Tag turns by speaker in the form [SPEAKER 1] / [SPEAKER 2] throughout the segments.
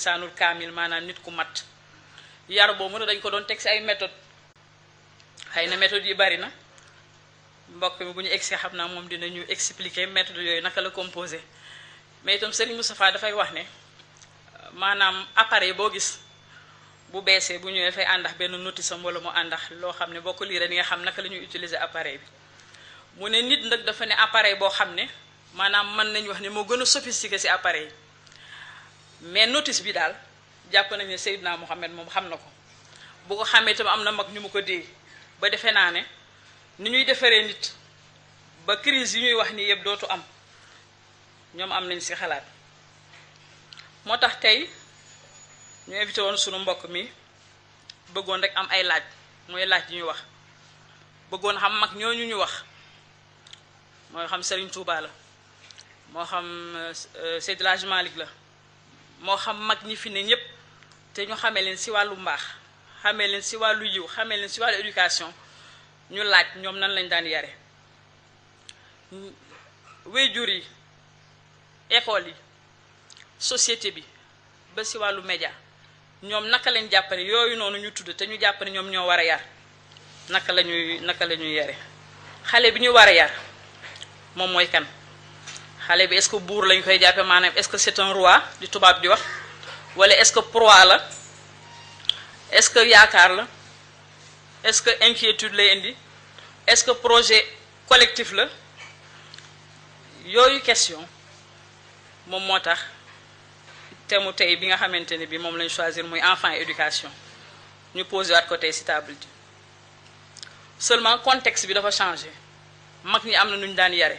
[SPEAKER 1] saanul kaamil maanaam nit ku mat yar boobu nag dañ ko doon teg si ay méthode xëy na méthode yi bari na mbokk mi bu egg egsi xam naa moom dinañu expliquer méthode yooyu naka la composé mais itam Serigne Moustapha dafay wax ne maanaam appareil boo gis bu beesee bu ñu dafay àndax benn notice am wala mu àndax loo xam ne boo ko liiree ni nga xam naka la ñuy utiliser appareil bi mu ne nit nag dafa ne appareil boo xam ne maanaam mën nañu wax ne moo gën a sophistiqué si appareil mais notice bi daal jàpp nañ ne Seydina Mohamed moom xam na ko bu ko xamee tam am na mag ñu mu ko dee ba defe naa ne nu ñuy defaree nit ba crise yi ñuy wax nii yëpp dootu am ñoom am nañ si xalaat moo tax tey ñu invité woon sunu mbokk mi bëggoon rek am ay laaj mooy laaj yi ñu wax bëggoon xam mag ñooñu ñu wax mooy xam Serigne Touba la moo xam euh, Seydi El Hadji la moo xam mag ñi fi ne ñëpp te ñu xamee leen si wàllu mbaax xamee leen si wàllu yiw xamee leen si wàllu éducation ñu laaj ñoom nan lañ daan yare wéyjur yi école yi société bi ba si wàllu média ñoom naka lañ jàpp yooyu noonu ñu tudd te ñu jàpp ne ñoom ñoo war a yar naka la ñuy naka la ñuy yare xale bi ñu war a yar moom mooy kan xale bi est-ce que bour lañ koy jappé manam est-ce que c'est un roi du Toubab di wax wala est-ce que proie la est-ce que yaakaar la est-ce que inquiétude lay indi est-ce que projet collectif la yoyu question mom motax tax tay bi nga xamanteni bi mom lañ choisir moy enfant éducation ñu poser waat côté tey ci table seulement contexte bi dafa changer. mag ñi am na ñu daan yare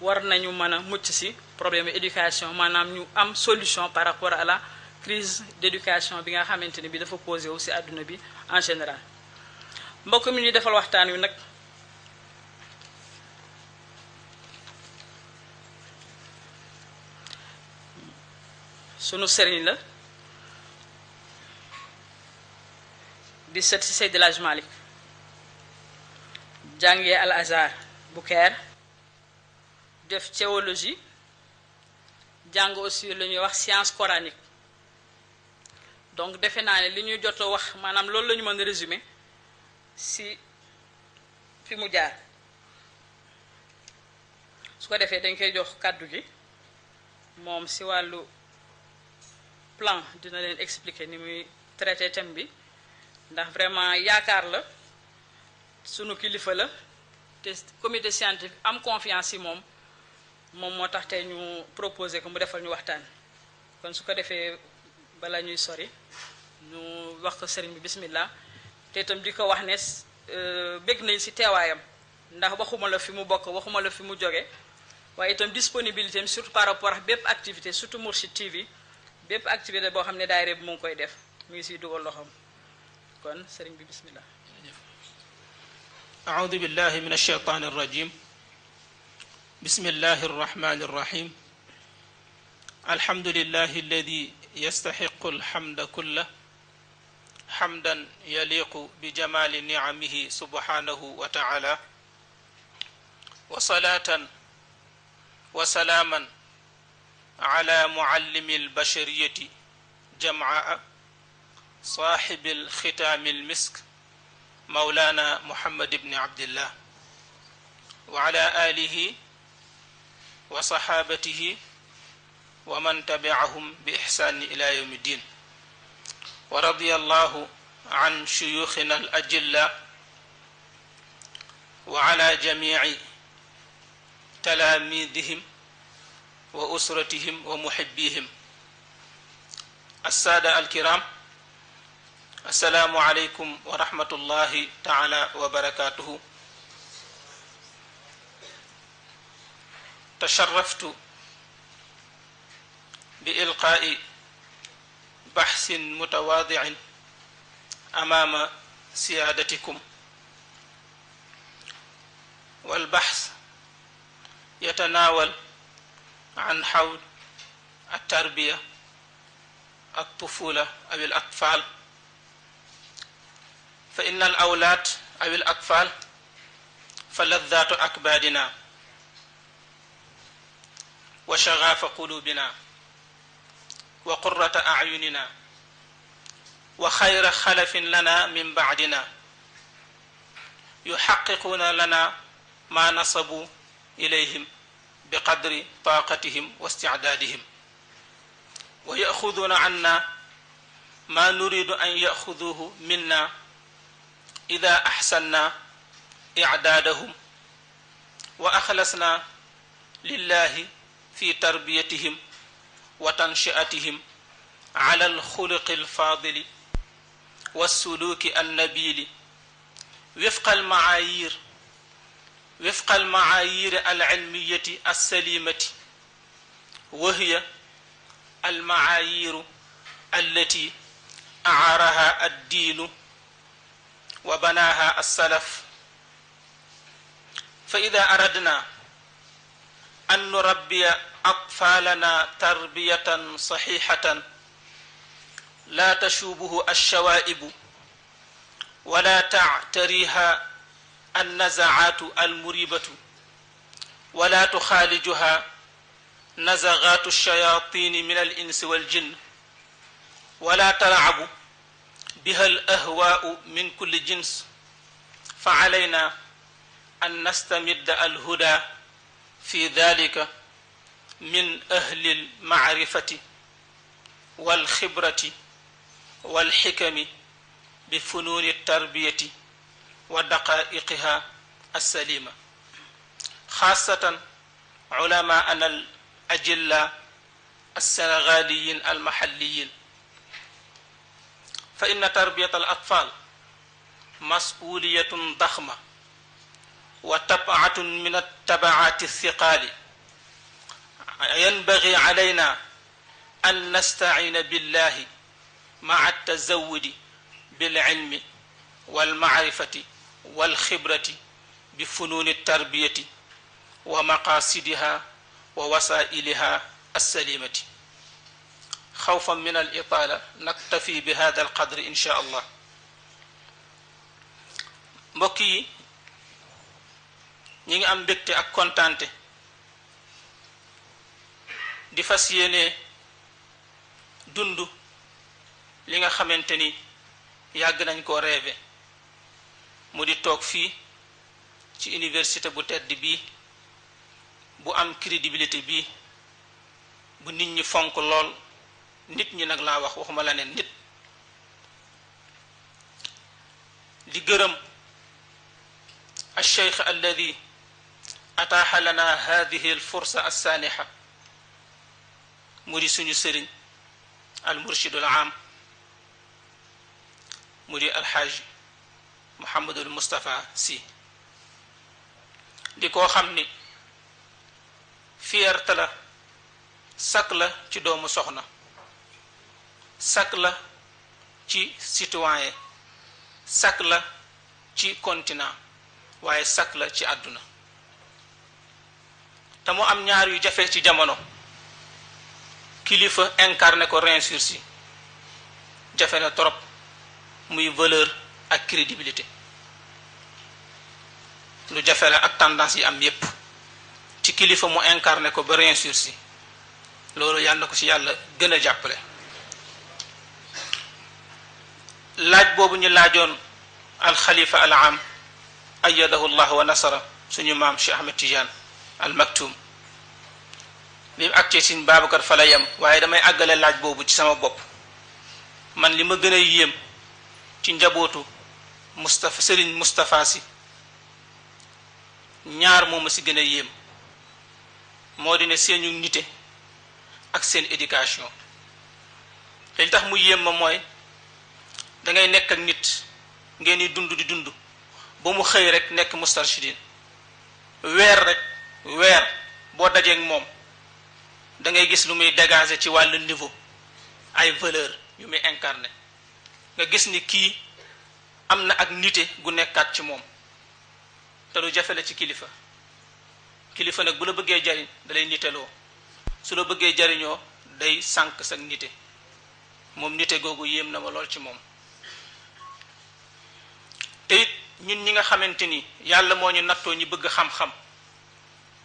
[SPEAKER 1] war nañu mën mucc ci problème éducation manam ñu am solution par rapport à la crise d'éducation bi nga xamante bi dafa poser aussi aduna bi en général mbokk mi ñu defal waxtaan wi nak sunu sëriñ la di sët si Seydi El Hadji Al Azhar bu de théologie jang aussi science coranique donc defé na ne wax si fi mu dañ koy jox plan dina expliquer ni traité thème bi ndax vraiment la kilifa la comité scientifique am confiance moom moo tax te ñu proposé ko mu defal ñu waxtaan kon su ko defee balaa ñuy sori ñu wax ko sëriñ bi bismillah te itam di ko wax ne euh, bég nañ si teewaayam ndax waxuma la fi mu bokk waxuma la fi mu jóge waaye itam disponibilité am surtout par rapport ak bépp activité surtout Mourchid TV bépp activité boo xam ne daayira bi mu koy def mu ngi siy dugal loxoom kon sëriñ bi bismillah.
[SPEAKER 2] a'udhu billahi minash shaytanir rajim بسم الله الرحمن الرحيم الحمد لله الذي يستحق الحمد كله حمدا يليق بجمال نعمه سبحانه وتعالى وصلاة وسلاما على معلم البشرية جمعاء صاحب الختام المسك مولانا محمد بن عبد الله وعلى آله وصحابته ومن تبعهم بإحسان إلى يوم الدين ورضي الله عن شيوخنا الأجلاء وعلى جميع تلاميذهم وأسرتهم ومحبيهم السادة الكرام السلام عليكم ورحمة الله تعالى وبركاته تشرفت بإلقاء بحث متواضع أمام سيادتكم والبحث يتناول عن حول التربية الطفولة أو الأطفال فإن الأولاد أو الأطفال فلذات أكبادنا وشغاف قلوبنا وقرة أعيننا وخير خلف لنا من بعدنا يحققون لنا ما نصبوا إليهم بقدر طاقتهم واستعدادهم ويأخذون عنا ما نريد أن يأخذوه منا إذا أحسنا إعدادهم وأخلصنا لله في تربيتهم وتنشئتهم على الخلق الفاضل والسلوك النبيل وفق المعايير وفق المعايير العلمية السليمة وهي المعايير التي أعارها الدين وبناها السلف فإذا أردنا أن نربي أطفالنا تربية صحيحة لا تشوبه الشوائب ولا تعتريها النزعات المريبة ولا تخالجها نزغات الشياطين من الإنس والجن ولا تلعب بها الأهواء من كل جنس فعلينا أن نستمد الهدى في ذلك من أهل المعرفة والخبرة والحكم بفنون التربية ودقائقها السليمة خاصة علماءنا الأجلة السنغاليين المحليين فإن تربية الأطفال مسؤولية ضخمة وتبعة من التبعات الثقال ينبغي علينا أن نستعين بالله مع التزود بالعلم والمعرفة والخبرة بفنون التربية ومقاصدها ووسائلها السليمة خوفا من الإطالة نكتفي بهذا القدر إن شاء الله مكي ñi ngi am mbégte ak kontante di fas yéene dund li nga xamante ni yàgg nañ koo reeve mu di toog fii ci université bu tedd bii bu am crédibilité bi, bu nit ñi fonk lool nit ñi nag laa wax waxuma la ne nit di gërëm sheikh الذي أتاح لنا هذه الفرصة السانحة مري سني سرين المرشد العام مري الحاج محمد المصطفى سي ديكو خمني فيرتلا سكلا تي دومو سخنا سكلا تي سيتوان سكلا تي كونتنا واي سكلا تي ادونا te mu am ñaar yu jafe ci jamono kilifa incarné ko reinsursi jafe na trop muy valeur ak crédibilité lu jafe la ak tendance yi am yépp ci kilifa mu incarné ko ba reinsursi loolu yàlla ko ci yàlla gën a jàppale laaj boobu ñu laajoon al khalifa al am ayyadahu allah wa nasara suñu maam cheikh ahmed tidiane al maktum bi mu àggee sin Babacar waaye damay àggale laaj boobu ci sama bopp man li ma gën a yéem ci njabootu Moustapha Serigne Moustapha si ñaar moo ma si gën a yéem moo di ne seenu nite ak seen éducation te li tax mu yéem ma mooy dangay nekk ak nit ngeen di dund di dund ba mu xëy rek nekk mustarshidin weer rek. weer boo dajeeg moom da ngay gis lu muy dégager ci wàll niveau ay valeur yu muy incarné nga gis ni kii am na ak nite gu nekkaat ci moom te lu jafe la ci kilifa kilifa nag bu la bëggee jariñ dalay lay su la bëggee jariñoo day sànq sa nite moom nite googu yéem na ma lool ci moom te it ñun ñi nga xamante ni yàlla moo ñu nattoo ñi bëgg xam-xam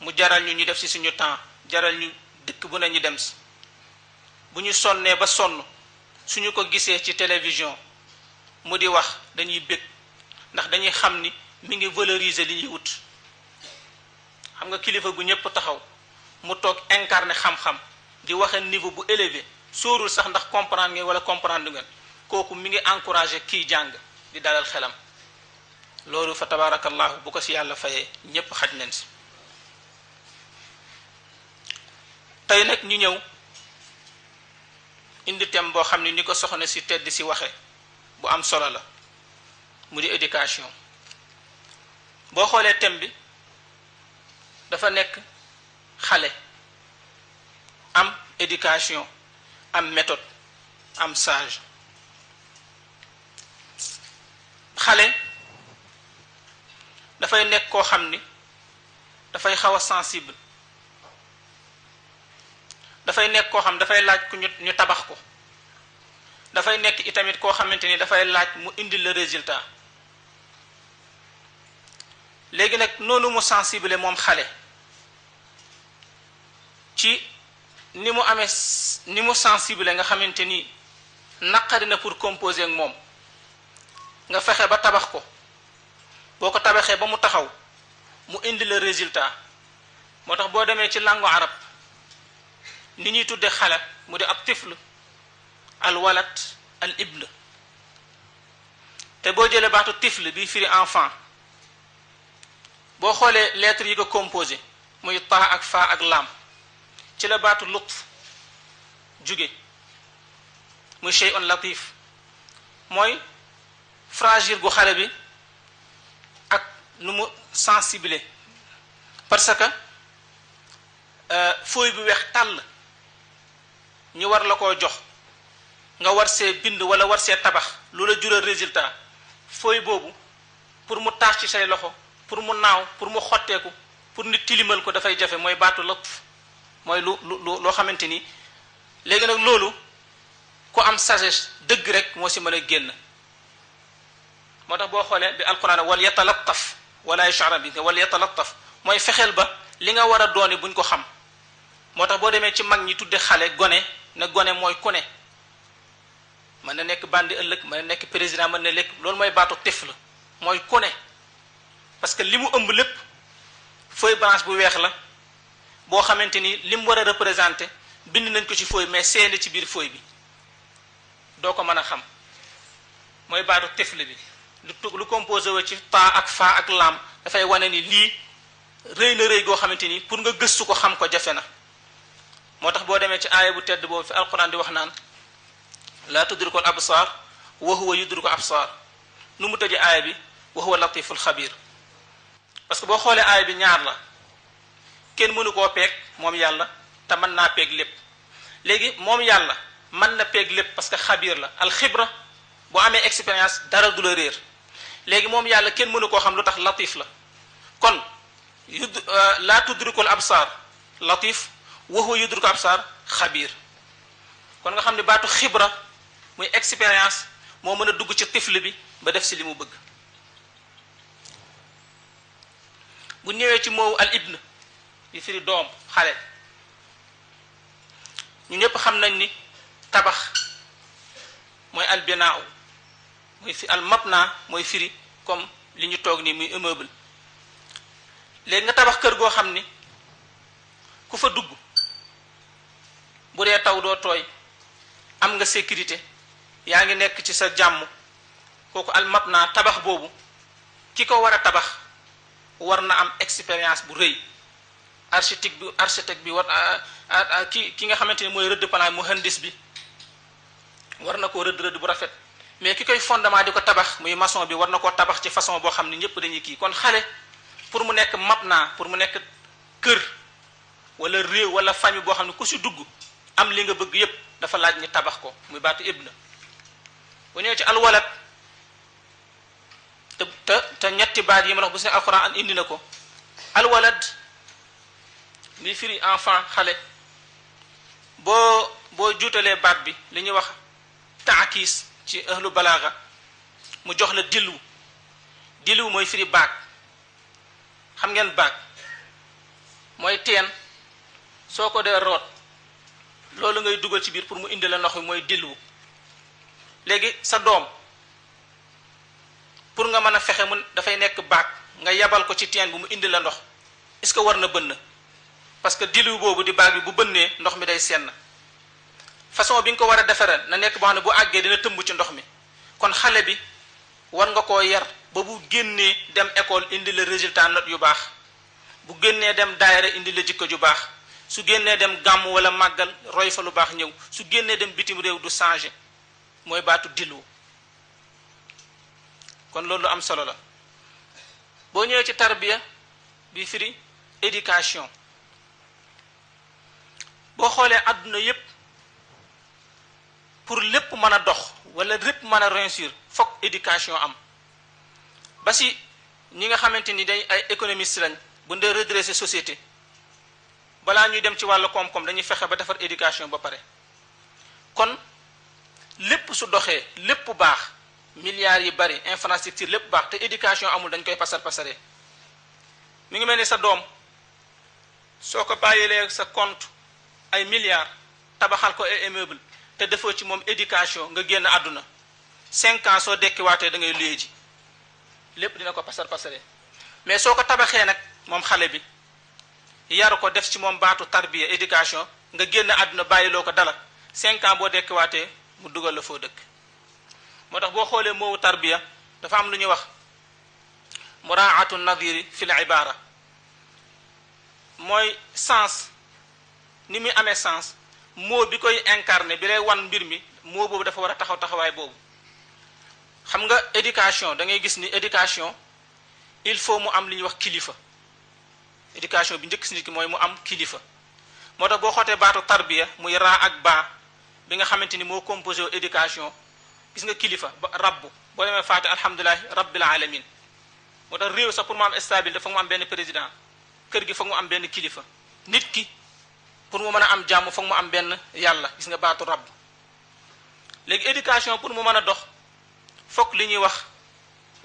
[SPEAKER 2] mu jaral ñu ñu def ci suñu temps jaral ñu dëkk bu ne ñu dem si bu ñu sonnee ba sonn suñu ko gisee ci télévision mu di wax dañuy bég ndax dañuy xam ni mi ngi valoriser li ñuy wut xam nga kilifa gu ñëpp taxaw mu toog incarné xam-xam di waxe niveau bu élevé sóorul sax ndax comprendre ngeen wala comprendre ngeen kooku mi ngi encouragé kiy jàng di dalal xelam loolu fa tabarakallahu bu ko si yàlla fayee ñépp xaj nañ si tey nag ñu ñëw indi thème boo xam ne ni ko soxna si tedd si waxe bu am solo la mu di éducation boo xoolee thème bi dafa nekk xale am éducation am métode am sage xale dafay nekk koo xam ni dafay xaw a sensible dafay nekk koo xam dafay laaj ku ñu ñu tabax ko dafay nekk itamit koo xamante ni dafay laaj mu indi la résultat léegi nag noonu mu sensible moom xale ci ni mu amee ni mu sensible nga xamante ni naqari na pour composer ak moom nga fexe ba tabax ko boo ko tabaxee ba mu taxaw mu indi la résultat moo tax boo demee ci làngu arab ni ñuy tudde xale mu di ab tifl al walat al ibl te boo jëlee baatu tifl bi firi enfant boo xoolee lettre yi ko composé muy ta ak fa ak lam ci la baatu lutf jóge muy chey on latif mooy fragile gu xale bi ak nu mu sensible parce que fooy bi weex tàll ñu war la ko jox nga war see bind wala war see tabax lu jura résultat foy boobu pour mu taas ci say loxo pour mu naaw pour mu xotteeku pour nit tilimal ko dafay jafe mooy baatu lëpp mooy lu lu loo xamante ni léegi nag loolu ku am sagesse dëgg rek moo si mën a génn moo tax boo xoolee bi alquran wal yatalattaf wala yashara bi wal yatalattaf mooy fexeel ba li nga war a doone buñ ko xam moo tax boo demee ci mag ñi tudde xale gone na gone mooy ku ne mën na nekk bandi ëllëg mën na nekk président mën na lekk loolu mooy baatu tif mooy ku ne parce que li mu ëmb lépp feuille blanche bu weex la boo xamante ni li mu war a représenté bind nañ ko ci feuille mais seeni ci biir feuille bi doo ko mën a xam mooy baatu tifl bi lu lu composé wo ci taa ak faa ak laam dafay wane ni lii rëy na rëy goo xamante ni pour nga gëstu ko xam ko jafe na motax bo demé ci ayé bu tedd bo fi alquran di wax nan la tudriku al absaar wa huwa yudriku absaar nu mu tëjee aaya bi wa huwa latiful khabir parce que bo xolé ayé bi ñaar la ken mënu ko pek mom yàlla ta man na pek lépp légui mom yàlla man na pek lépp parce que khabir la al khibra bo amé expérience dara du la réer léegi moom yàlla ken mënu ko xam lutax latif la kon la tudriku tudrikul absaar latif وهو يدرك أبصار خبير كون خام دي باتو خبره موي اكسبيريانس مو مانا دوغ سي طفل بي با ديف سي ليمو بيغ بو نيوي سي مو الابن يفري دوم خالد ني نيب خام ناني تبخ موي البناء موي في المبنى موي فري كوم لي ني توغ ني موي ايموبل لي nga tabax keur go xamni ku fa bu dee taw doo tooy am nga sécurité yaa ngi nekk ci sa jàmm kooku al mab naa tabax boobu ki ko war a tabax war na am expérience bu rëy architecte bi architecte bi war ki ki nga xamante ne mooy rëdd plan mu handis bi war na koo rëdd rëdd bu rafet mais ki koy fondement di ko tabax muy maçon bi war na koo tabax ci façon boo xam ne ñëpp dañuy kii kon xale pour mu nekk mab naa pour mu nekk kër walla réew wala famille boo xam ne ku si dugg am li nga bëgg yépp dafa laaj ni tabax ko muy baatu ibna bu ñëwee ci alwalad te te ñetti baat yi ma wax bu seen alxuraan indi na ko alwalad li firi enfant xale boo boo juutalee baat bi li ñuy wax taakiis ci ahlu balaaga mu jox la dillu dillu mooy firi baat xam ngeen baat mooy teen soo ko dee root loolu ngay dugal ci biir pour mu indi la ndox mooy dilwu léegi sa doom pour nga mën a fexe mu dafay nekk baag nga yebal ko ci teen bi mu indi la ndox est-ce que war na bënn parce que dilwu boobu di baag bi bu bënnee ndox mi day senn façon bi nga ko war a defaree na nekk boo xam ne bu àggee dina tëmb ci ndox mi kon xale bi war nga koo yar ba bu génnee dem école indi la résultat note yu baax bu génnee dem daayira indi la jikko ju baax su génnee dem gàmm wala màggal roy fa lu baax ñëw su génnee dem bitim réew du changé mooy baatu dillu kon loolu am solo la boo ñëwee ci tarbiya bi firi éducation boo xoolee àdduna yépp pour lépp mën a dox wala lépp mën a réussir fokk éducation am ba si ñi nga xamante ni dañ ay économistes lañ bu ndee redresser société balaa ñuy dem ci wàllu koom-koom dañuy fexe ba defar éducation ba pare kon lépp su doxee lépp bu baax milliards yi bari infrastructure lépp baax te éducation amul dañ koy pasar pasaree mi ngi mel ni sa doom soo ko bàyyilee sa compte ay milliards tabaxal ko ay immeuble te defoo ci moom éducation nga génn àdduna cinq soo dekkiwaatee da ngay luye ji lépp dina ko pasar pasaree mais soo ko tabaxee nag moom xale bi yar ko def ci moom baatu tarbiya éducation nga génn àdduna bàyyiloo ko dala cinq boo boo waatee mu dugal la foo dëkk moo tax boo xoolee moowu tarbiya dafa am lu ñuy wax muraatu nadiri fi l ibara mooy sens ni muy amee sens moo bi koy incarné bi lay wan mbir mi moo boobu dafa war a taxaw taxawaay boobu xam nga éducation da ngay gis ni éducation il faut mu am lu ñuy wax kilifa éducation bi njëkk si nit mooy mu am kilifa moo tax boo xootee baatu tarbiya muy raa ak baa bi nga xamante ni moo composé wu gis nga kilifa ba rabbu boo demee faate alhamdulilahi rabbil alamin moo tax réew sax pour mu am stable dafa mu am benn président kër gi foog mu am benn kilifa nit ki pour mu mën a am jàmm foog mu am benn yàlla gis nga baatu rabb léegi éducation pour mu mën a dox foog li ñuy wax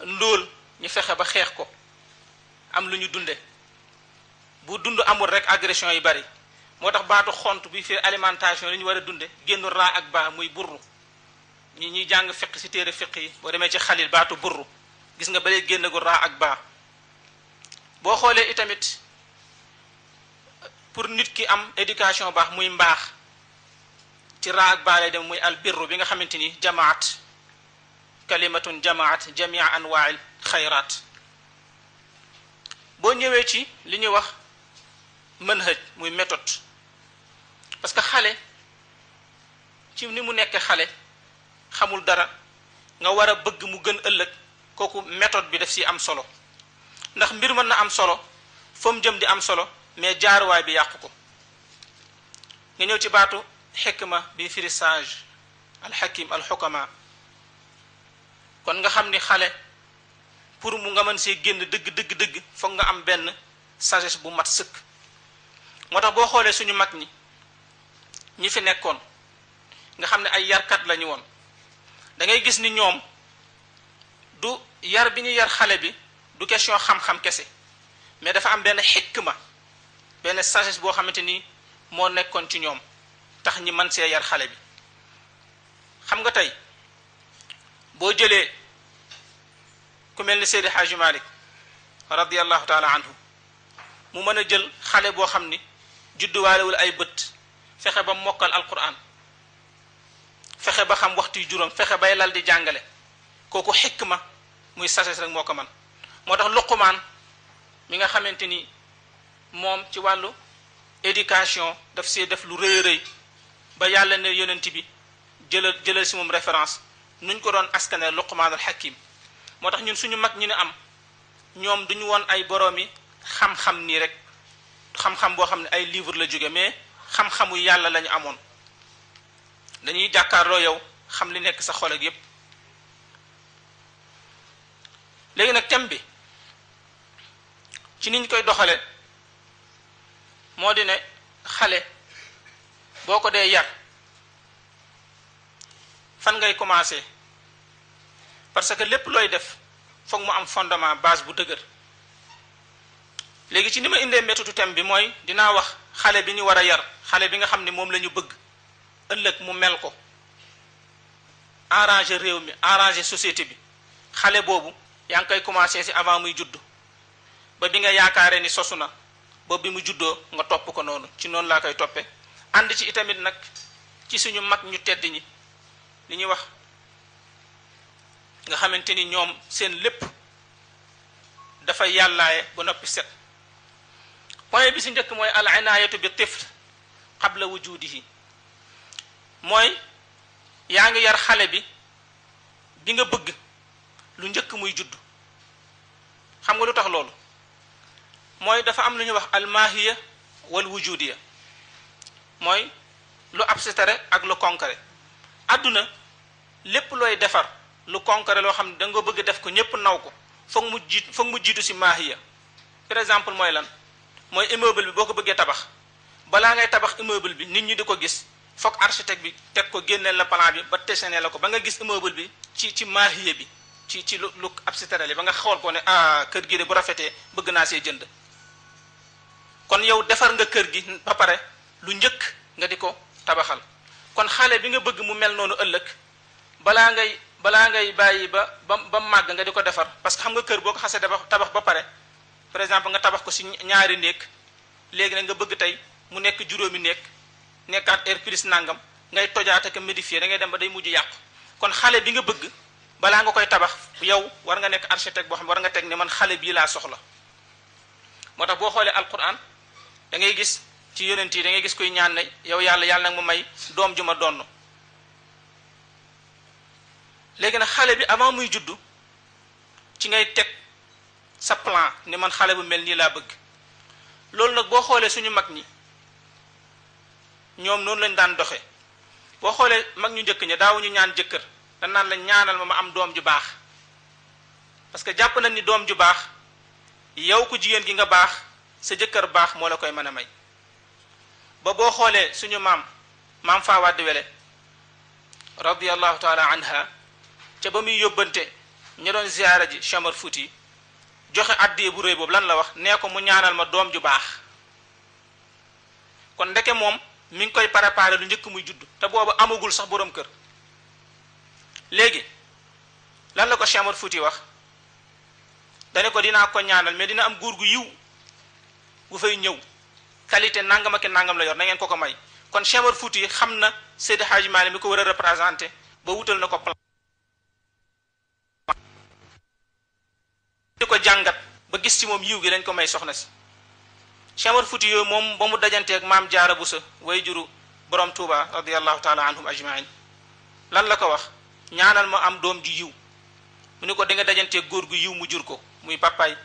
[SPEAKER 2] ndóol ñu fexe ba xeex ko am lu ñu dunde bu dund amul rek agression yi bari moo tax baatu xont bi fii alimentation li ñu war a dunde génn raa ak baa muy burru ñi ñuy jàng fiq si téere fiq yi boo demee ci xalil baatu burru gis nga balee génn gu raa ak baa boo xoolee itamit pour nit ki am éducation baax muy mbaax ci raa ak baa lay dem muy albirru bi nga xamante ni jamaat kalimatun jamaat jamia anwail xayraat boo ñëwee ci li ñuy wax mën manhaj muy méthode parce que xale ci ni mu nekkee xale xamul dara nga war a bëgg mu gën ëllëg kooku méthode bi daf si am solo ndax mbir mën na am solo fa jëm di am solo mais jaaruwaay bi yàqu ko nga ñëw ci baatu xikma bi firi sage alxakim alxukama kon nga xam ni xale pour mu nga mën see génn dëgg dëgg dëgg foog nga am benn sagesse bu mat sëkk motax bo xolé suñu mag ñi ñi fi nekkon nga xamne ay yar kat lañu won da ngay gis ni ñom du yar biñu yar xale bi du question xam-xam kessé mais dafa am ben hikma ben sagesse bo xamanteni mo nekkon ci ñom tax ñi man see yar xale bi xam nga tay bo jëlé ku melni ni Seydi malik radiyallahu taala anhu mu meuna jël xale bo xamni juddu judduwaalewul ay bët fexe ba mokkal alquran fexe ba xam waxtu yu juróom fexe bay lal di jàngale kooku xikma muy sases rek moo ko man moo tax luqumaan mi nga xamante ni moom ci wàllu éducation daf see def lu rëy rëy ba yàlla ne yonent bi jëlal jëlal si moom référence nuñ ko doon askane luqumaanul xakim moo tax ñun suñu mag ñu ne am ñoom duñu won ay boroomi xam-xam nii rek xam-xam boo xam ne ay livre la jóge mais xam-xamu yàlla lañu amoon dañuy jàkkaarloo yow xam li nekk sa xol ak yépp léegi nag thème bi ci ni niñ koy doxale moo di ne xale boo ko dee yar fan ngay commencer parce que lépp looy def foog mu am fondement base bu dëgër léegi ci ni ma indee méttitu thème bi mooy dinaa wax xale bi war a yar xale bi nga xam ne moom la ñu bëgg ëllëg mu mel ko arranger réew mi arranger société bi xale boobu yaa ngi koy commencé si avant muy juddu ba bi nga yaakaaree ni sosu na ba bi mu juddoo nga topp ko noonu ci noonu laa koy toppee ànd ci itamit nag ci suñu mag ñu tedd ñi li ñuy wax nga xamante ni ñoom seen lépp dafa yàllaaye ba noppi set point bi ci njëkk mooy al inayatu bi tifl qabla wujudihi mooy yaa ngi yar xale bi bi nga bëgg lu njëkk muy judd xam nga lu tax loolu mooy dafa am lu ñuy wax al mahiya wal wujudiya mooy lu abstrait ak lu concret aduna lépp looy defar lu concret loo xam da nga bëgg def ko ñépp naw ko foog mu jiit foog mu jiitu si maahiya par exemple mooy lan mooy immeuble bi boo ko bëggee tabax balaa ngay tabax immeuble bi nit ñi di ko gis foog architecte bi teg ko génneel la plan bi ba dessiné la ko ba nga gis immeuble bi ci ci maahiye bi ci ci lu lu ab ba nga xool ko ne ah kër gi de bu rafetee bëgg naa see jënd kon yow defar nga kër gi ba pare lu njëkk nga di ko tabaxal kon xale bi nga bëgg mu mel noonu ëllëg balaa ngay balaa ngay bàyyi ba ba ba màgg nga di ko defar parce que xam nga kër boo ko xasee tabax ba pare par exemple nga tabax ko ci ñaari nek legui nag nga bëgg tay mu nek juroomi nek nekkat air plus nangam ngay tojaat ak modifier da ngay dem ba day muju yaq kon xalé bi nga bëgg bala nga koy tabax yow war nga nek architecte bo xam war nga tek ni man xalé bi la soxla motax bo xolé alquran da ngay gis ci yonent da ngay gis koy ñaan ne yow yalla yalla nak mu may dom juma donno legui xalé bi avant muy juddu ci ngay tek sa plan ni man xale bu mel nii laa bëgg loolu nag boo xoolee suñu mag ñi ñoom noonu lañ daan doxe boo xoolee mag ñu njëkk ña daawuñu ñaan jëkkër dañ naan la ñaanal ma ma am doom ju baax parce que jàpp nañ ni doom ju baax yow ku jigéen gi nga baax sa jëkkër baax moo la koy mën a may ba boo xoolee suñu maam maam faa wàdd wele radiallahu taala anha ca ba muy yóbbante ña doon ziyaara ji chamar fuuti joxe àddee bu réy boobu lan la wax nee ko mu ñaanal ma doom ju baax kon ndeke moom mi ngi koy préparé lu njëkk muy judd te boobu amagul sax boroom kër léegi lan la ko Cheikh Omar Fouti wax dane ko dinaa ko ñaanal mais dina am góor gu yiw gu fay ñëw qualité nangam ak nangam la yor na ngeen ko ko may kon Cheikh Omar Fouti xam na Seydi Hadji Malick mi ko war a représenté ba wutal na ko plan ko jàngat ba gis ci moom yiw gi lañ ko may soxna si Cheikh Omar yooyu moom ba mu dajanteeg maam jaara bu sa way juru borom Touba radiallahu taala anhum ajmain lan la ko wax ñaanal ma am doom ju yiw mu ne ko da nga dajanteeg góor gu yiw mu jur ko muy papaay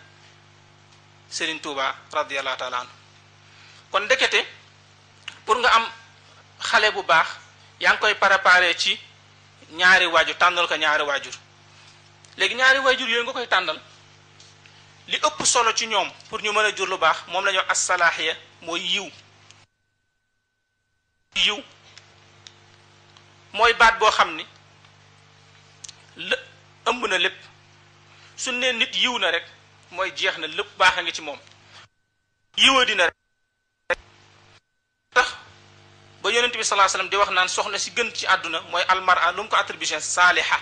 [SPEAKER 2] Serigne Touba radiallahu taala anhu kon ndekete pour nga am xale bu baax yaa ngi koy préparé ci ñaari waajur tànnal ko ñaari waajur léegi ñaari waajur yooyu nga koy tàndal li ëpp solo ci ñoom pour ñu mën a jur lu baax moom la ñuy wax assalaaxiya mooy yiw yiw mooy baat boo xam ni lë ëmb na lépp su ne nit yiw na rek mooy jeex na lépp baax a ngi ci moom yiwa dina rek tax ba yonent bi salaa sallam di wax naan soxna si gën ci àdduna mooy almara lu mu ko attribution saaliha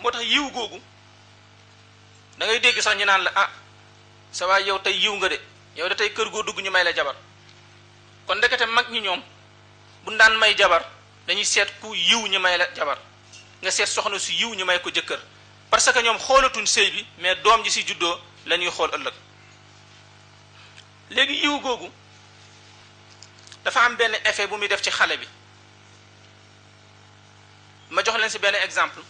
[SPEAKER 2] moo tax yiw googu da ngay dégg sax ñu naan la ah sa waay yow tey yiw nga de yow da tey kër goo dugg ñu may la jabar kon ndekete mag ñi ñoom bu daan may jabar dañuy seet ku yiw ñu may la jabar nga seet soxna su yiw ñu may ko jëkkër parce que ñoom xoolatuñ sëy bi mais doom ji si juddoo la ñuy xool ëllëg léegi yiw googu dafa am benn effet bu muy def ci xale bi ma jox leen si benn exemple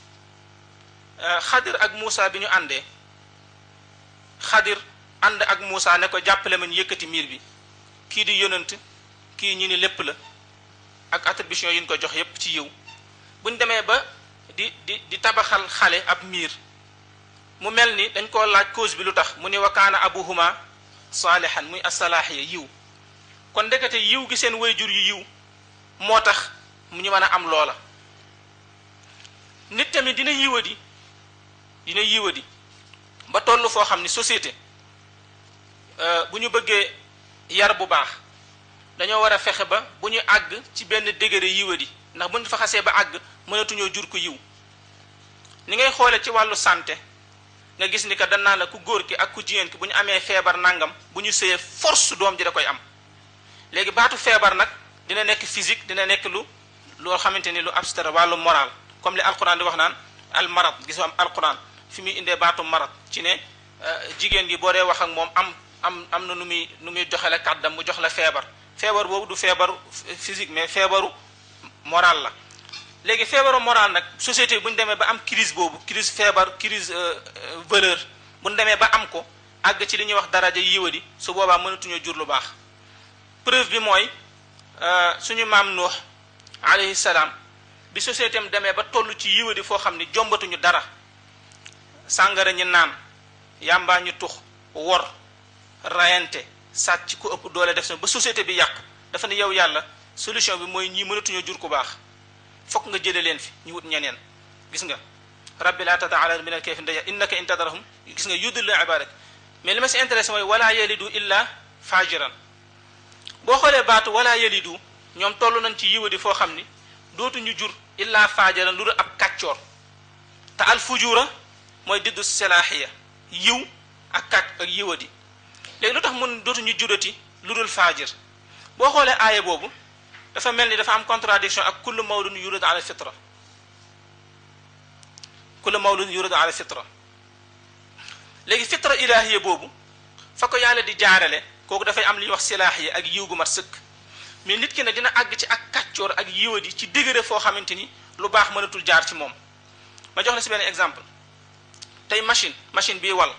[SPEAKER 2] xadir ak Moussa bi ñu àndee xadir ànd ak Moussa ne ko jàppale ma ñu yëkkati miir bi kii di yonant kii ñu ni lépp la ak attribution yiñ ko jox yépp ci yiw buñ demee ba di di di tabaxal xale ab miir mu mel ni dañ ko laaj koos bi lu tax mu ne wa kaana abuhuma saalihan muy assalaahiya yiw kon ndekete yiw gi seen wayjur yu yiw moo tax mu ñu mën a am loola nit tamit dina yiwadi dina yiwadi ba toll foo xam ni société euh, bu ñu bëggee yar bu baax dañoo war a fexe ba bu ñu àgg ci benn degré yi ndax bu ñu fa xasee ba àgg mënatuñoo jur ko yiw ni ngay xoole ci wàllu santé nga gis ni que dañ naa la ku góor ki ak ku jigéen ki bu ñu amee feebar nangam bu ñu sëyee force doom ji da koy am léegi baatu feebar nag dina nekk physique dina nekk lu loo xamante ni lu abstrait wàllu moral comme li alquran di wax naan al marad gis am alquran fi muy indee baatu marat ci ne euh, jigéen gi boo dee wax ak moom am am am na nu muy nu muy joxele kàddam mu jox la feebar feebar boobu du feebaru physique mais feebaru moral la léegi feebaru moral nag société bu ñu demee ba am crise boobu crise feebar crise euh, euh, valeur bu ñu demee ba am ko àgg ci li ñuy wax daraja yiwadi su boobaa mënatuñoo jur lu baax preuve bi mooy suñu maam Nuux alayhi salaam bi société am demee ba toll ci yiwadi foo xam ne jombatuñu dara sàngara ñi naan yàmbaa ñu tux wor rayante sàcc ku ëpp doole def sa ba société bi yàq dafa ne yow yàlla solution bi mooy ñii mënatuñoo jur ku baax fokk nga jële leen fi ñu wut ñeneen gis nga rabbi laa tadar ala min al kayfi ndaya innaka in tadarahum gis nga yudillu ibadak mais li ma si intéressé mooy wala yalidu illa fajiran boo xoolee baatu wala yalidu ñoom toll nañ ci yiwa di foo xam ni dootuñu jur illa fajiran lu dul ab kàccoor te al moy diddu salahiya yiw ak kat ak yiwadi léegi lutax mun dotu ñu jurati dul fajir bo xolé aya bobu dafa melni dafa am contradiction ak kullu mawlun yurid ala fitra kullu mawlun yurid ala fitra legi fitra ilahiya bobu fako ko yàlla di jaarale koku da fay am li wax silaaxiya ak yiw gu ma sëkk mais nit ki na dina ag ci ak katchor ak yiwadi ci degeere fo xamanteni lu bax mënatul jaar ci mom ma jox la ci ben exemple tey machine machine bii wal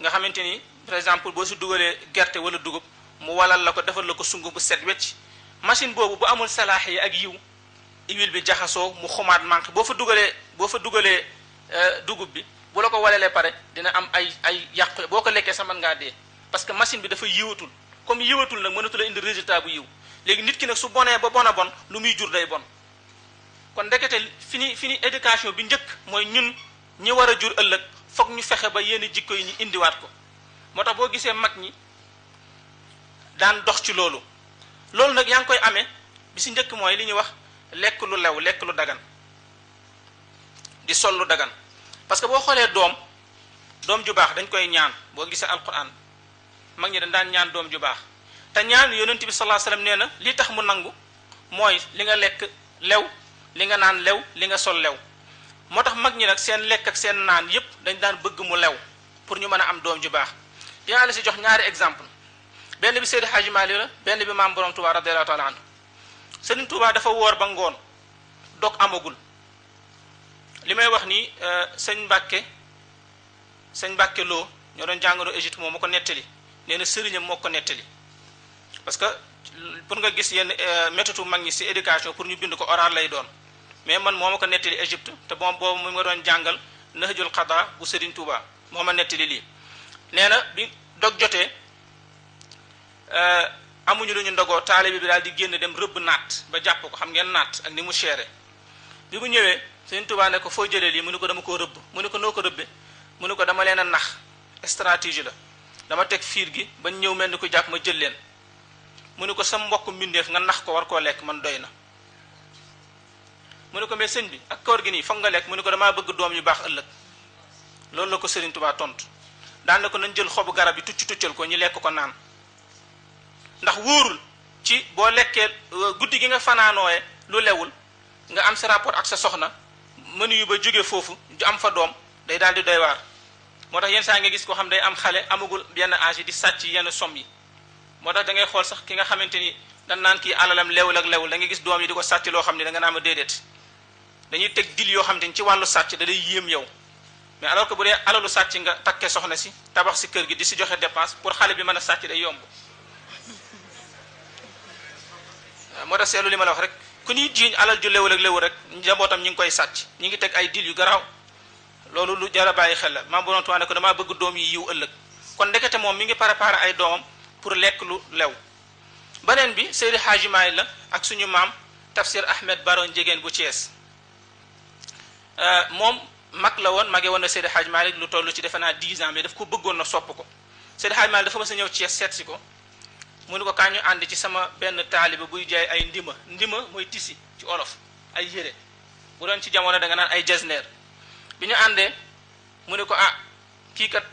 [SPEAKER 2] nga xamante ni par exemple boo si dugalee gerte wala dugub mu walal la ko defal la ko sungu bu set wecc machine boobu bu amul salaax yi ak yiw huile bi jaxasoo mu xumaat manqué boo fa dugalee boo fa dugalee euh, dugub bi bu la ko walalee pare dina am ay ay yàqu boo ko lekkee sa man ngaa dee parce que machine bi dafa yiwatul comme yiwatul nag mënatu la indi résiltat bu yiw léegi nit ki nag su bonee ba bon a bon lu muy jur day bon fi ni bi njëkk mooy ñun ñi wara jur ëlëk fokk ñu fexé ba yenn jikko yi indi indiwaat ko motax bo gisé mag ñi daan dox ci loolu loolu nak yang koy amé bi ci ñëk moy li wax lek lu lew lek lu dagan di sol dagan parce que bo xolé dom dom ju baax dañ koy ñaan bo gisé alquran mag ñi dañ daan ñaan dom ju baax ta ñaan yonent bi sallallahu alayhi wasallam neena li tax mu nangu mooy li nga lek lew li nga naan lew li nga sol lew moo tax mag ñi nag seen lekk ak seen naan yépp dañ daan bëgg mu lew pour ñu mën a am doom ju baax dinaa la si jox ñaari exemple benn bi Seydi Hadji benn bi maam Borom Touba radiyallahu taala anhu Serigne Touba dafa woor ba ngoon dog amagul li may wax nii euh, sëñ Mbàkke sëñ Mbàkke loo ñoo doon jàngoro Égypte moom moo ko nettali nee na sëriñam moo ko nettali parce que pour nga gis yenn euh, méthode mag ñi si éducation pour ñu bind ko oral lay doon mais man moo ma ko nettali Égypte te moom boobu mu nga doon jàngal Nahjul Qada bu Serigne Touba moo ma nettali lii nee na bi dog jotee euh, amuñu lu ñu ndogoo taalibe bi daal di génn dem rëbb naat ba jàpp ko xam ngeen naat ak ni mu seere bi mu ñëwee Serigne Touba ne ko foo jëlee lii mu ne ko dama koo rëbb mu ne ko noo ko rëbbe mu ne ko dama leen a nax stratégie la dama teg fiir gi bañ ñëw mel ni ko jàpp ma jël leen mu ne ko sam mbokk mbindeef nga nax ko war koo lekk man doy na mu ne ko mais bi ak koor gi nii foog nga lekk mu ne ko damaa bëgg doom yu baax ëllëg loolu la ko Serigne Touba tontu daan na ko nañ jël xobu garab yi tucc tuccal ko ñu lekk ko naan ndax wóorul ci boo lekkee euh, guddi gi nga fanaanooye lu lewul nga am sa rapport ak sa soxna mënu yu ba jóge foofu ju am fa doom day daal di doy waar moo tax yenn saa nga gis koo xam day am xale amagul yenn âge yi di sàcc yenn somm yi moo tax da ngay xool sax ki nga xamante ni dan naan kii alalam lewul ak lewul da ngay gis doom yi di ko sàcc loo xam ne da ma déedéet dañuy teg dil yoo xam te ci wàllu sàcc da day yéem yow mais alors que bu dee alalu sàcc nga takkee soxna si tabax si kër gi di si joxe dépense pour xale bi mën a sàcc day yomb moo tax seetlu li ma la wax rek ku ñuy jiiñ alal ju léwul ak léwul rek njabootam ñu ngi koy sàcc ñu ngi teg ay dil yu garaaw loolu lu jar a bàyyi xel la maam bu doon tuwaane ko damaa bëgg doom yi yiw ëllëg kon ndekete moom mi ngi préparé ay doomam pour lekk lu lew beneen bi Seydi Hadji Maalik la ak suñu maam Tafsir Ahmed Baron Njegéen bu Thiès Euh, moom mag la woon mage woon na Seydi Hadj Malick lu toll ci defe naa 10 ans mais daf ko bëggoon na sopp ko Seydi Hadj Malick dafa mës a ñëw Thiès seet si ko mu ne ko ñu ànd ci sama benn taaliba buy jaay ay ndima ndima mooy tisi ci olof ay yére bu doon ci jamono da nga naan ay jasneer bi ñu àndee mu ne ko ah kii kat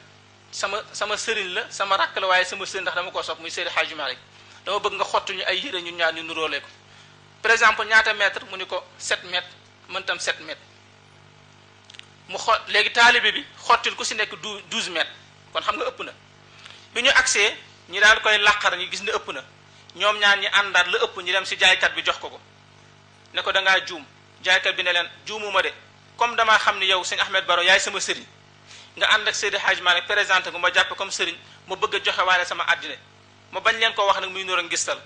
[SPEAKER 2] sama sama sëriñ la sama rakk la waaye sama sëriñ ndax dama ko sopp muy Seydi Hadj Malick dama bëgg nga xottu ñu ay yére ñun ñaar ñu nuróole ko par exemple ñaata mètre mu ne ko 7 mètre mën tam mu xot léegi taalibe bi xottil ku si nekk du douze mètres kon xam nga ëpp na bi ñu agsee ñi daal koy làqar ñi gis ne ëpp na ñoom ñaar ñi àndaat la ëpp ñi dem si jaaykat bi jox ko ko ne ko dangaa juum jaaykat bi ne leen ma de comme damaa xam ni yow sëñ Ahmed Baro yaay sama sëriñ nga ànd ak Seydi maa Malick présenté gu ma jàpp comme sëriñ ma bëgg a joxe waale sama àddina ma bañ leen ko wax nag muy nur a ngistal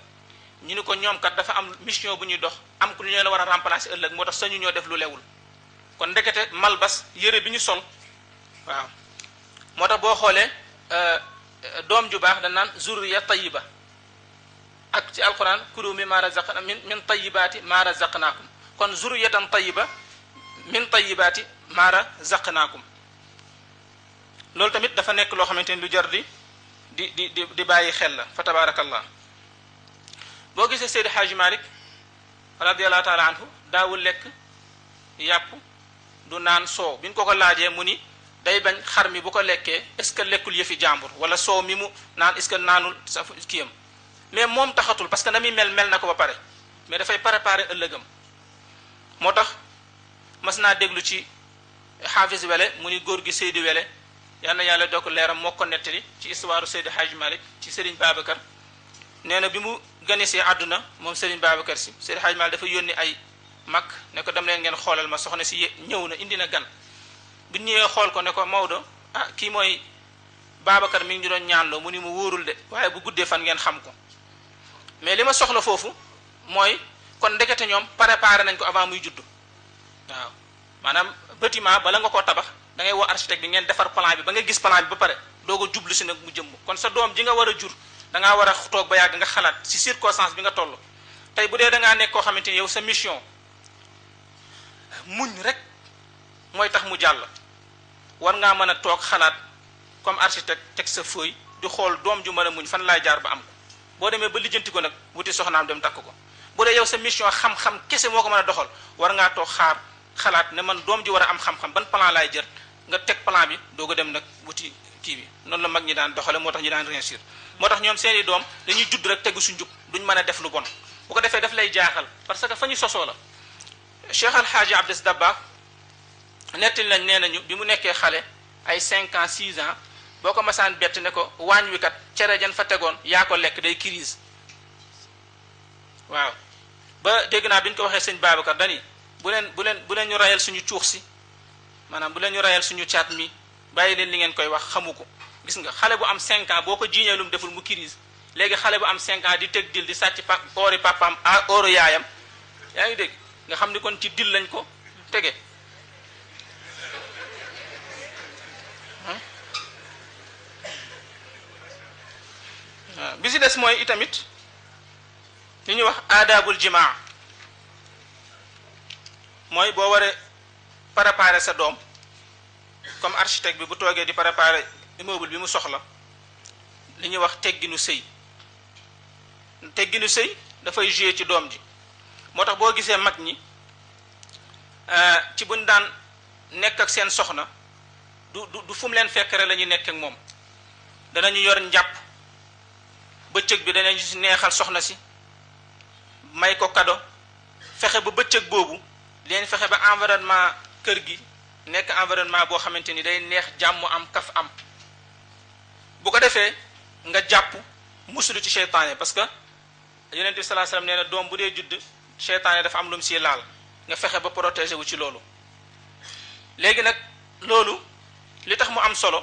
[SPEAKER 2] ñu ni ko ñoom kat dafa am mission bu ñuy dox am ku ñu leen war a remplacer ëllëg moo tax sañu ñoo def lu lewul kon ndekete malbas yére bi ñu sol waaw moo tax boo xoolee doom ju baax da naan zurriya tayiba ak ci alquran kulu mi ma razaqna min min tayibaati ma razaqnakum kon zurriyatan tayiba min tayibaati ma razaqnakum loolu tamit dafa nekk loo xamanteni lu jar di di di di bàyyi xel la fa tabaarakallah boo gisee Seydi Hadji malik radiallahu taala anhu daawul lekk yàpp du naan soow bi ñu ko ko laajee mu ni day bañ xar mi bu ko lekkee est-ce que lekkul yëfi jàmbur wala soow mi mu naan est que naanul sa kiyam mais moom taxatul parce que na muy mel mel na ko ba pare mais dafay préparer ëllëgam moo tax mas naa déglu ci xaafis wele mu ni góor gi Seydi wele yal yàlla dokk leeram moo ko nettali ci histoire Seydi Hadj Malick ci Serigne Babacar nee na bi mu gënisee àdduna moom Serigne Babacar si Seydi Hadj Malick dafa yónni ay mag ne ko dem leen ngeen xoolal ma soxna si ñëw na indi na gan bu ñëwee xool ko ne ko Maodo ah kii mooy Babacar mi ngi ñu doon ñaan loo mu ni mu wóorul de waaye bu guddee fan ngeen xam ko mais li ma soxla foofu mooy kon ndekete ñoom préparé nañ ko avant muy juddu waaw maanaam bâtiment bala nga koo tabax da ngay woo architecte bi ngeen defar plan bi ba nga gis plan bi ba pare doo ko jublu si nag mu jëmm kon sa doom ji nga war a jur da ngaa war a toog ba nga xalaat si circonstance bi nga toll tey bu dee da ngaa nekk xamante ni yow sa mission. muñ rek mooy tax mu jàll war ngaa mën a toog xalaat comme architecte teg sa feuille di xool doom ju mën a muñ fan laay jaar ba am ko boo demee ba lijjanti ko nag wuti soxnaam dem takk ko bu dee yow sa mission xam-xam kese moo ko mën a doxal war ngaa toog xaar xalaat ne man doom ji war a am xam-xam ban plan laay jër nga teg plan bi doo ko dem nag wuti kii bi noonu la mag ñi daan doxale moo tax ñi daan réussir moo tax ñoom seeni doom dañuy judd rek tegu su njub duñ mën def lu bon bu ko defee daf lay jaaxal parce que fa ñu la Cheikh Alxaaji Abdes Dabba nettali nañ nee nañu bi mu nekkee xale ay cinq ans six ans boo ko masaan bett ne ko waañ wi kat cere jan fa tegoon yaa ko lekk day crise waaw ba dégg naa bi ñu ko waxee sëñ Babacar dani bu leen bu leen bu leen ñu rayal suñu cuux si maanaam bu leen ñu rayal suñu caat mi bàyyi leen li ngeen koy wax xamu ko gis nga xale bu am cinq ans boo ko jiiñee lu mu deful mu crise léegi xale bu am cinq ans di teg dil di sàcc pa oori papaam a ooro yaa ngi dégg nga xam ni kon ci dil lañ ko tege hmm? waaw si des mooy itamit li ñuy wax aadaabul jimaa mooy boo waree préparer sa doom comme architecte bi bu toogee di préparer immeuble bi mu soxla li ñuy wax tegginu sëy tegginu sëy dafay jouer ci doom ji moo tax boo gisee mag ñi euh, ci buñ daan nekk ak seen soxna du du fu leen fekk lañuy la nekk ak moom danañu yor njàpp bëccëg bi danañu si neexal soxna si may ko kado fexe ba bëccëg boobu leen fexe ba environnement kër gi nekk environnement boo xamante ni day neex jàmm am kaf am bu ko defee nga jàpp mosulu ci seytaane parce que yonent bi salaa salaam nee na doom bu dee judd seytaane dafa am lu mu si laal nga fexe ba protéger wu ci loolu léegi nag loolu li tax mu am solo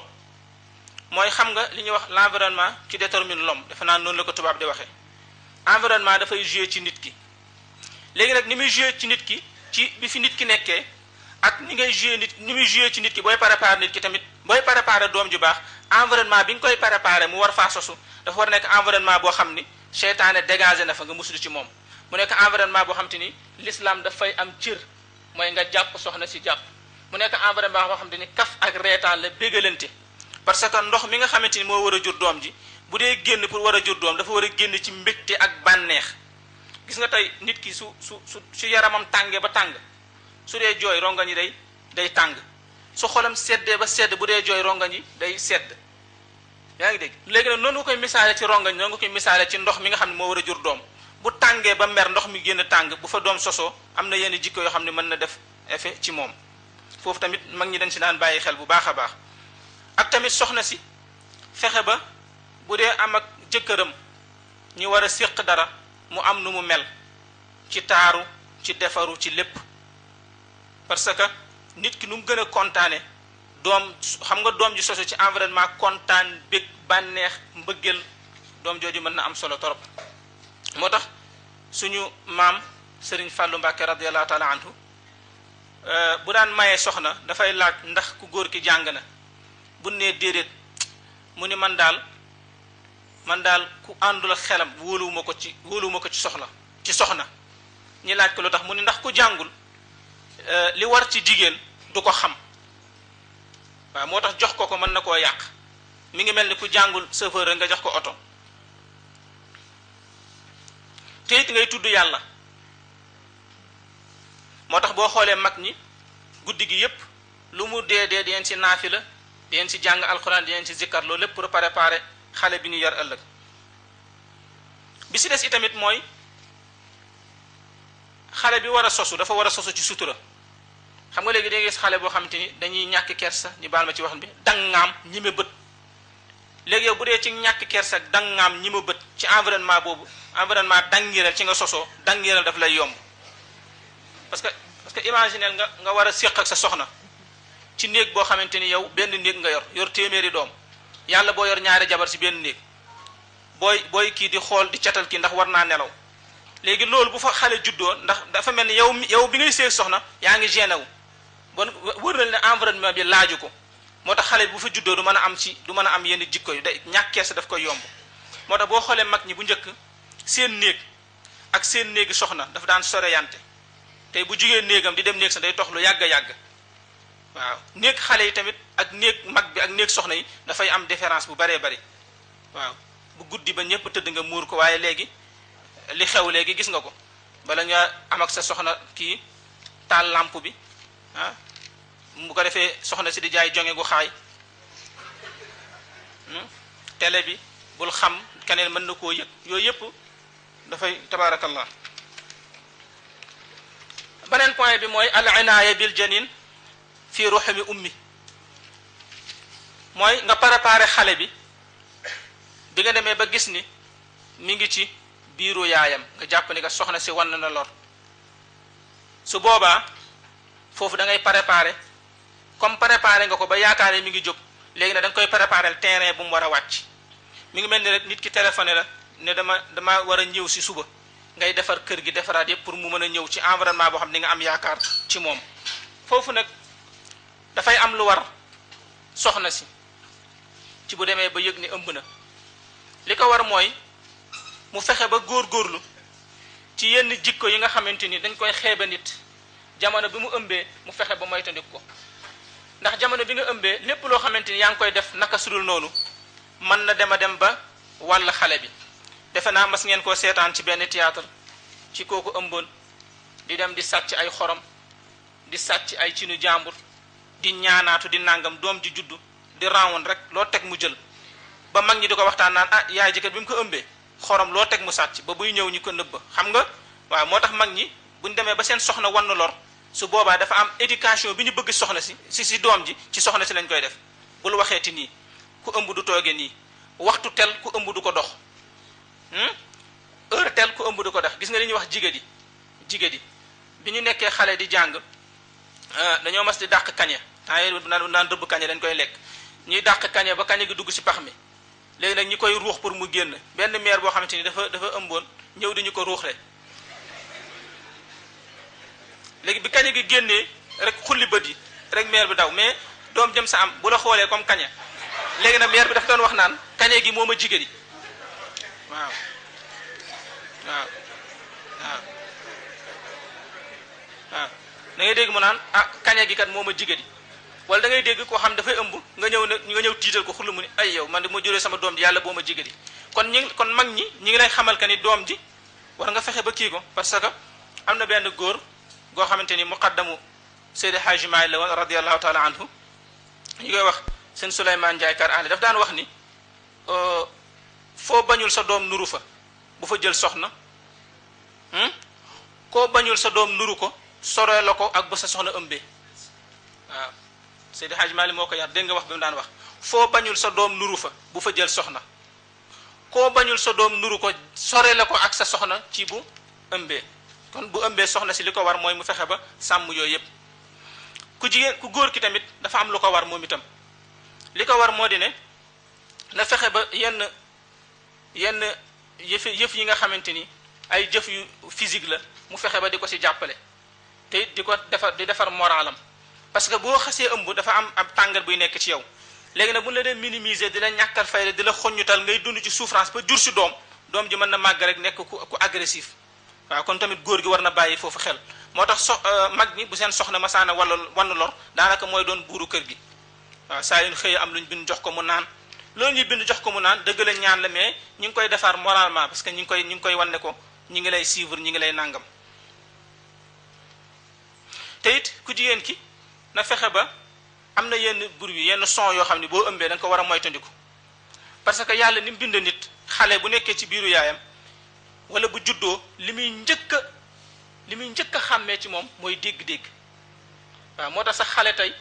[SPEAKER 2] mooy xam nga li ñuy wax l' environnement qui détermine l'homme dafa naan noonu la ko tubaab di waxee environnement dafay jouer ci nit ki léegi nag ni muy jouer ci nit ki ci bi fi nit ki nekkee ak ni ngay jouer nit ni muy jouer ci nit ki booy préparer nit ki tamit booy préparer doom ju baax environnement bi nga koy préparer mu war faa sosu dafa war nekk environnement boo xam ni seytaane dégagé na fa nga musulu ci moom mu nekk environnement boo xam te ni lislaam dafay am cër mooy nga jàpp soxna si jàpp mu nekk environnement boo xam te ni kaf ak reetaan la béggalante parce que ndox mi nga xamante ni moo war a jur doom ji bu dee génn pour war a jur doom dafa war a génn ci mbégte ak bànneex gis nga tey nit ki su su su su yaramam tàngee ba tàng su dee jooy rongañ yi day day tàng su xolam seddee ba sedd bu dee jooy rongañ yi day sedd yaa ngi dégg léegi nag noonu nga koy misaale ci rongañ noonu ci ndox mi nga xam ne moo war a jur bu tàngee ba mer ndox mi génn tàng bu fa doom sosoo am na yenn jikko yoo xam ne mën na def effet ci moom foofu tamit mag ñi dem si daan bàyyi xel bu baax a baax ak tamit soxna si fexe ba bu dee am ak jëkkëram ñu war a séq dara mu am nu mu mel ci taaru ci defaru ci lépp parce que nit ki nu mu gën a kontaane doom xam nga doom ji soso ci environnement kontaan bég bànneex mbëggeel doom jooju mën na am solo torop moo tax suñu maam sëriñ Fàllu Mbàkke radiallahu taala anhu euh, bu daan mayee soxna dafay laaj ndax ku góor ki jàng na bu nee déedéet mu ni man daal man daal ku àndul ak xelam wóoluwuma ko ci wóoluwuma ko ci soxla ci soxna ñi laaj ko lu tax mu ni ndax ku jàngul euh, li war ci jigéen du ko xam waaw moo tax jox ko ko mën na koo yàq mu ngi mel ni ku jàngul chauffeur nga jox ko oto te it ngay tudd yàlla moo tax boo xoolee mag ñi guddi gi yépp lu mu dee dee di ngeen ci naafila di ngeen ci jàng alxuraan di ngeen ci zikkar lépp pour préparer xale bi ñu yar ëllëg bi si des itamit mooy xale bi war a sosu dafa war a sosu ci sutura xam nga léegi da gis xale boo xamante ni dañuy ñàkk kersa ñu baal ma ci wax bi dangaam ñime bët léegi yow bu dee ci ñàkk dang dangaam ñi ma bët ci environnement boobu environnement dangiral ci nga sosoo dangiral daf lay yomb parce que parce nga nga war a séq ak sa soxna ci néeg boo xamante ni yow benn néeg nga yor yor téeméeri doom yàlla boo yor ñaari jabar si benn néeg booy booy kii di xool di catal kii ndax war naa nelaw léegi loolu bu fa xale juddoo ndax dafa mel ni yow yow bi ngay séeg soxna yaa ngi génnewu bon wër na ne environnement bi laaju ko moo tax xale bu fa juddoo du mën a am ci du mën a am yenn jikko yu day ñàkk kees daf koy yomb moo tax boo xoolee mag ñi bu njëkk seen néeg ak seen néegi soxna dafa daan soreyante tey bu jugee néegam di dem néeg sa day tox lu yàgg yàgg waaw néeg xale yi tamit ak néeg mag bi ak néeg soxna yi dafay am différence bu baree bari waaw bu guddi ba ñëpp tëdd nga muur ko waaye léegi li xew léegi gis nga ko bala nga am ak sa soxna kii taal làmp bi ah, bu ko defee soxna si di jaay jonge gu xaay hmm? télé bi bul xam keneen mën na koo yëg yooyu yëpp dafay tabaarakallah beneen point bi mooy al inaaya bil janin fii ruxumi ummi mooy nga préparé xale bi bi nga demee ba gis ni mu ngi ci biiru yaayam nga jàpp ni nga soxna si wann na lor su boobaa foofu dangay ngay préparé comme préparé nga ko ba yaakaar mu ngi jóg léegi nag danga koy préparé terrain bu mu war a wàcc mi ngi mel ni rek nit ki téléphoné la ne dama dama war a ñëw si suba ngay defar kër gi defaraat yëpp pour mu mën a ñëw ci environnement boo xam ne nga am yaakaar ci moom foofu nag dafay am lu war soxna si ci bu demee ba yëg ni ëmb na li ko war mooy mu fexe ba góor góorlu ci yenn jikko yi nga xamante ni dañ koy xeeba nit jamono bi mu ëmbee mu fexe ba moytandiku ko ndax jamono bi nga ëmbee lépp loo xamante ni yaa ngi koy def naka sudul noonu mën na dem a dem ba wàll xale bi defe naa mas ngeen koo seetaan ci benn théâtre ci kooku ëmboon di dem di sàcc ay xorom di sàcc ay cinu jàmbur di ñaanaatu di nangam doom ji juddu di rawoon rek loo teg mu jël ba mag ñi di ko waxtaan naan ah yaay jëkkër bi mu ko ëmbee xorom loo teg mu sàcc ba buy ñëw ñi ko nëbb xam nga waaw moo tax mag ñi buñ demee ba seen soxna wann lor su boobaa dafa am éducation bi ñu bëgg soxna si si doom ji ci soxna si lañ koy def bul waxeeti nii ku ëmb du tooge nii waxtu tel ku ëmb du ko dox hmm? heure tel ku ëmb du ko dox gis nga li ñuy wax jigée di jigéen di bi ñu nekkee xale di jàng ah, dañoo mas di dàq kañe temps naan naan dëbb kañe dañ koy lekk ñuy dàq kañe ba kañe gi dugg si pax mi léegi nag ñi koy ruux pour mu génn benn meer boo xamante ni dafa dafa ëmboon ñëw di ñu ko ruuxle legi bi kaña gi genné rek xulli badi rek mère bi daw mais dom jëm sa am bu la xolé comme kaña legi na mère bi daf doon wax naan kaña gi moma jigéri waaw waaw ah da ngay dégg mu naan ah kaña gi kat moma jigéri wala da ngay dégg ko xam da fay ëmb nga ñëw nga ñëw tital ko xullu mu ni ay yow man dama jëlé sama dom ji yalla boma jigéri kon ñi kon mag ñi ñi ngi lay xamal kan ni dom ji war nga fexé ba ki ko parce que amna na benn góor go xamanteni muqaddamu sayyid haji Maalik wa radiyallahu taala anhu ñu koy wax sen sulayman jaykar ahli daf daan wax ni fo bañul sa dom nuru fa bu fa jël soxna ko bañul sa dom nuru ko soro lako ak bu sa soxna ëmbé wa sayyid haji Maalik moko ko yar dégg nga wax bu daan wax fo bañul sa dom nuru fa bu fa jël soxna ko bañul sa dom nuru ko sore lako ak sa soxna ci bu ëmbé kon bu ëmbee soxna si li ko war mooy mu fexe ba sàmm yooyu yëpp ku jigéen ku góor ki tamit dafa am lu ko war moom itam li ko war moo di ne na fexe ba yenn yenn yëf yëf yi nga xamante ni ay jëf yu physique la mu fexe ba di ko si jàppale te di ko defar di defar moralam parce que boo xasee ëmb dafa am ab tàngal buy nekk ci yow léegi nag bu ñu la dee minimiser di la ñàkkal fayda di la xoññutal ngay dund ci souffrance ba jur si doom doom ji mën na màgg rek nekk ku ku agressif waaw kon tamit góor gi war na bàyyi foofu xel moo tax so euh, mag ñi bu seen soxna masaana wala wann lor daanaka mooy doon buuru kër gi waaw saa yu xëy am luñ bind jox ko mu naan loolu ñuy bind jox ko mu naan dëgg la ñaan la mais ñu ngi koy defar moralement parce que ñi ngi koy ñi ngi koy wanne ko ñi ngi lay suivre ñi ngi lay nangam te ku jigéen ki na fexe ba am na yenn bruit yi yenn son yoo xam ne boo ëmbee da ko war a moytandiku parce que yàlla ni mu bind nit xale bu nekkee ci biiru yaayam wala bu juddoo li muy njëkk a li muy njëkk a xàmmee ci moom mooy dégg-dégg waaw moo tax sax xale tey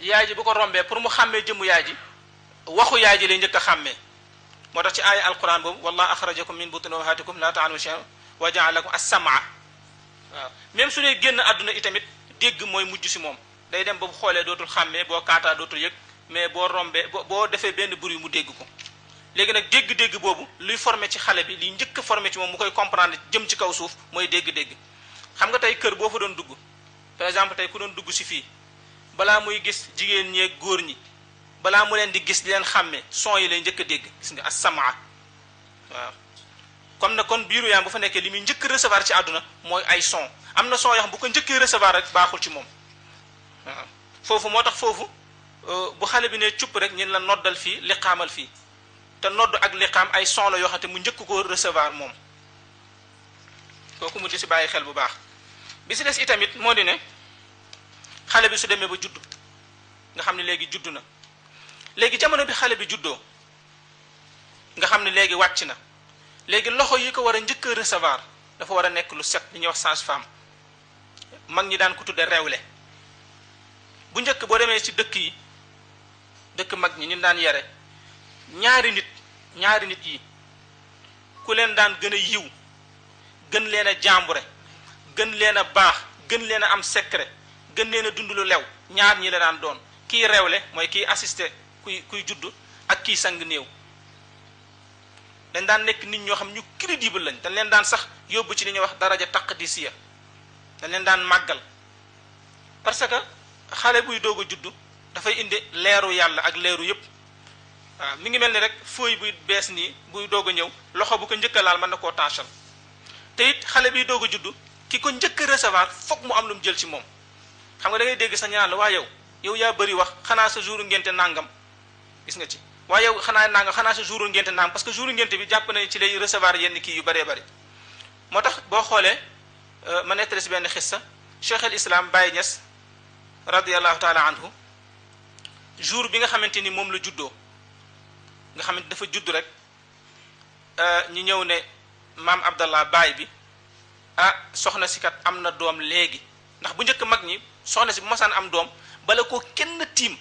[SPEAKER 2] yaay ji bu ko rombee pour mu xàmmee jëmmu yaay ji waxu yaay ji lay njëkk xàmmee moo tax ci aaya alquran boobu wallah axrajakum min butuni ummahaatikum laa ta'lamuuna shay'an wa jaala lakum as-sam'a waaw même su dee génn àdduna itamit dégg mooy mujj si moom day dem ba bu xoolee dootul xàmmee boo kaataa dootul yëg mais boo rombee boo defee benn bruit mu dégg ko léegi nag dégg-dégg boobu luy formé ci xale bi liy njëkk a ci moom mu koy comprendre jëm ci kaw suuf mooy dégg-dégg xam nga tey kër boo fa doon dugg par exemple tey ku doon dugg si fii balaa muy gis jigéen ñee góor ñi balaa mu leen di gis leen xàmme son yi lay njëkk a dégg gis nga as-samaa waaw comme na kon biiru yaam bu fa nekkee li muy njëkk recevoir ci àdduna mooy ay son am na son yax xam bu ko njëkkee recevoir rek baaxul ci moom waaw foofu moo tax foofu euh, bu xale bi ne cupp rek ñun la noddal fii liqaamal fii te nodd ak liqaam ay son la yoo xam te mu njëkk ko recevoir moom kooku mujj di si bàyyi xel bu baax bi si des itamit moo di ne xale bi su demee ba judd nga xam ne léegi judd na léegi jamono bi xale bi juddoo nga xam ne léegi wàcc na léegi loxo yi ko war a njëkk recevoir dafa war a nekk lu set li ñuy wax sage-femme mag ñi daan ko tudde rewle bu njëkk boo demee ci dëkk yi dëkk mag ñi ñu daan yare ñaari nit ñaari nit yi ku leen daan gën a yiw gën leen a jàmbure gën leen a baax gën leen am secret gën leen a dund lu lew ñaar ñi la daan doon kii rewle mooy kii assisté kuy kuy juddu ak kii sang néew dañ daan nekk nit ñoo xam ñu crédible lañ dañ leen daan sax yóbbu ci li ñuy wax daraja taqdisiya dañ leen daan màggal parce que xale buy doog a judd dafay indi leeru yàlla ak leeru yëpp waaw ah, mi ngi mel ni rek feuille buy bees nii buy doog a ñëw loxo bu ko njëkk laal mën na koo tension te it xale biy doog a juddu ki ko njëkk a recevoir foog mu am lu mu jël ci moom xam nga da dégg sa ñaan la waa yow yow yaa bëri wax xanaa sa jour ngente nangam gis nga ci waaye yow xanaa nangam xanaa sa jour ngente nangam parce que jour ngente bi jàpp nañu ci lay recevoir yenn kii yu bare bëri moo tax boo xoolee euh, ma nettali si benn xissa cheikh al islam Baye Niass radiallahu taala anhu jour bi nga xamante ni moom la juddoo nga xam ne dafa juddu rek euh, ñu ñëw ne maam abdallah baay bi ah soxna si kat am na doom léegi ndax bu njëkk mag ñi soxna si bu masaan am doom bala koo kenn tiim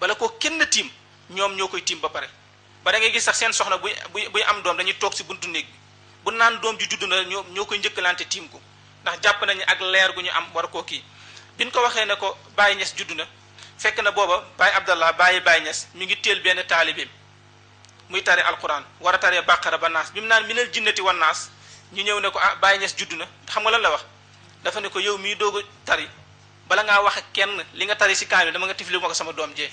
[SPEAKER 2] bala koo kenn tiim ñoom ñoo koy tiim ba pare ba da ngay gis sax seen soxna buy buy am doom dañuy toog si buntu néeg bu naan doom ju juddu na ñoo ñoo koy njëkkalante tiim ko ndax jàpp nañu ak leer gu ñu am war koo kii bi ñu ko waxee ne ko Baye Niass judd na fekk na booba Baye Abdallah Baye Baye Niass mi ngi téel benn taalibeem muy tare alquran war a tare bàqara ba naas bi mu naan minal jinnati wa naas ñu ñëw ne ko ah Baye Niass judd na xam nga lan la wax dafa ne ko yow mii doog a tari bala ngaa wax kenn li nga tari si kaamil dama nga tifli ma ko sama doom jee